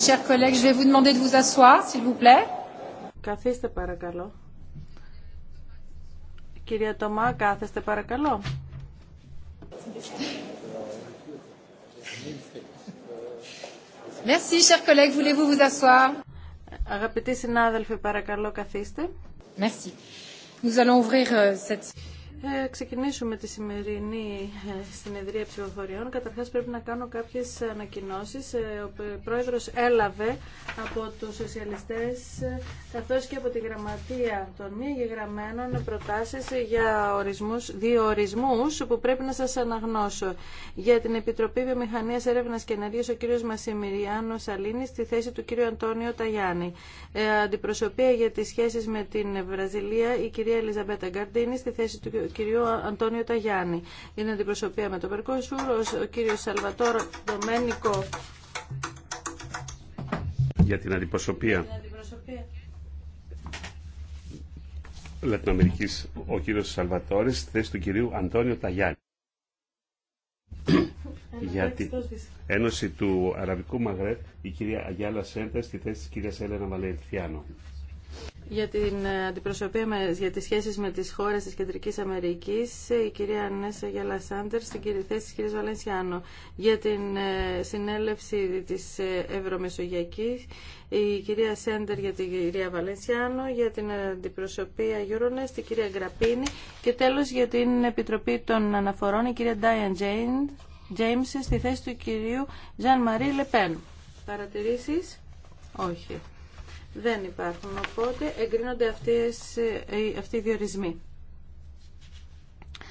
Chers collègues, je vais vous demander de vous asseoir, s'il vous plaît. Καθίστε παρακαλώ. Κυρία Τομά, κάθεστε παρακαλώ. Merci, chers collègues. Voulez-vous vous asseoir? Αγαπητοί συνάδελφοι, παρακαλώ καθίστε. Merci. Nous allons ouvrir cette ε, ξεκινήσουμε τη σημερινή ε, συνεδρία ψηφοφοριών. Καταρχάς πρέπει να κάνω κάποιες ανακοινώσεις. Ε, ο πρόεδρος έλαβε από τους σοσιαλιστές ε, καθώς και από τη γραμματεία των μη εγγεγραμμένων προτάσεις για ορισμούς, δύο ορισμούς που πρέπει να σας αναγνώσω. Για την Επιτροπή Βιομηχανίας Έρευνας και ενέργεια, ο κ. Μασιμιριάνο Σαλίνη στη θέση του κ. Αντώνιο Ταγιάννη. Ε, αντιπροσωπεία για τις σχέσεις με την Βραζιλία η κυρία Ελιζαμπέτα Γκαρντίνη στη θέση του Κύριο Αντώνιο Ταγιάννη. Είναι αντιπροσωπεία με το Περκόσουρ, ο κύριος Σαλβατόρ Ντομένικο. Για την αντιπροσωπεία. Λατινοαμερικής ο κύριος Σαλβατόρης, θέση του κυρίου Αντώνιο Ταγιάννη. Για την Ένωση του Αραβικού Μαγρέτ η κυρία Αγιάλα Σέντα στη θέση της κυρίας Έλενα Βαλεντιάνο για την ε, αντιπροσωπεία για τις σχέσεις με τις χώρες της Κεντρικής Αμερικής η κυρία Νέσα Γελασάντερ, Σάντερ στην κυρία θέση της κυρίας Βαλενσιάνο για την ε, συνέλευση της ε, Ευρωμεσογειακής η κυρία Σέντερ για την κυρία Βαλενσιάνο για την αντιπροσωπεία Euronest την κυρία Γραπίνη και τέλος για την Επιτροπή των Αναφορών η κυρία Ντάιαν Τζέιμς, στη θέση του κυρίου Ζαν Μαρί Λεπέν Παρατηρήσεις? Όχι δεν υπάρχουν. Οπότε εγκρίνονται ε, αυτοί οι διορισμοί.